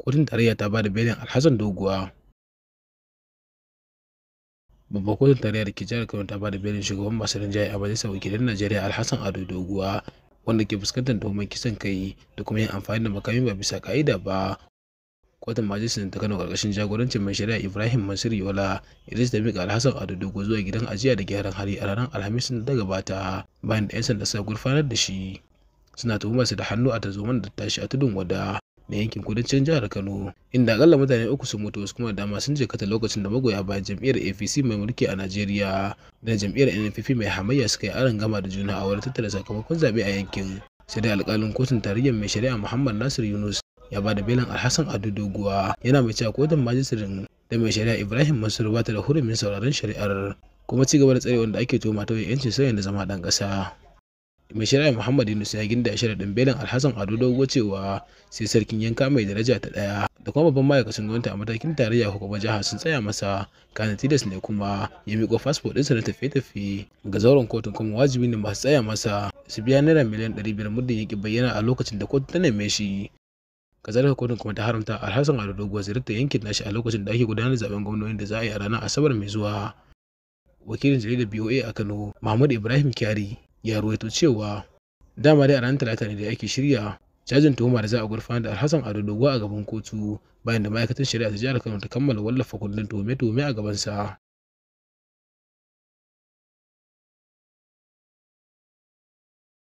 kotun tarayya ta bada belin alhassan doguwa babban kotun tarayya da ke jihar kano ta bada belin shugaban masu jihar a majalisar gidan najeriya alhassan ado doguwa wanda ke fuskantar tuhumar kisan kai da kuma yin amfani da makami ba bisa ka'ida ba kotun majalisar ta kano karkashin jagorancin mai shari'a ibrahim mansur yola idris ta mika alhassan ado dogo zuwa gidan ajiya da gyaran hali a ranar alhamis da ta gabata bayan da 'yan sanda suka gurfanar da shi suna tuhumarsa da hannu a tarzoman da tashi a tudun wada na yankin kudancin jihar Kano inda akalla mutane uku sun mutu wasu kuma dama sun je kata lokacin da magoya bayan jam'iyyar APC mai mulki a Najeriya da jam'iyyar NPP mai hamayya suka yi aron gama da juna a wurin tattara sakamakon zaɓe a yankin sai dai alƙalin kotun tarayyar mai shari'a Muhammad Nasir Yunus ya ba da belin Alhassan Ado Doguwa yana mai cewa kotun majistirin da mai shari'a Ibrahim Mansur ba ta da hurumin sauraron shari'ar kuma ci gaba da tsare wanda ake tuhuma ta yancin sauyin da zama dan kasa mai shari'a muhammad yunus ya ginda sharaɗin belin alhassan ado dogo cewa sai sarkin yanka mai daraja ta daya da kuma babban ma'aikacin gwamnati a matakin tarayya hukumar kuma jiha sun tsaya masa kana tilas ne kuma ya miko fasfo ɗinsa na tafiye-tafiye ga zauren kotun kuma wajibi ne masu tsaya masa su biya naira miliyan ɗari biyar muddin ya bayyana a lokacin da kotun ta neme shi Ka zarafa kotun kuma ta haramta alhassan ado dogo ziyarta yankin nashi a lokacin da ake gudanar da zaben gwamnoni da za a yi a ranar asabar mai zuwa wakilin jaridar boa a kano mahmud ibrahim kyari ya ruwaito cewa dama dai a ranar talata ne da ake shirya cajin tuhuma da za a gurfanar da alhassan ado dogo a gaban kotu bayan da ma'aikatar shari'a ta jihar kano ta kammala wallafa kundin tuhume-tuhume a gabansa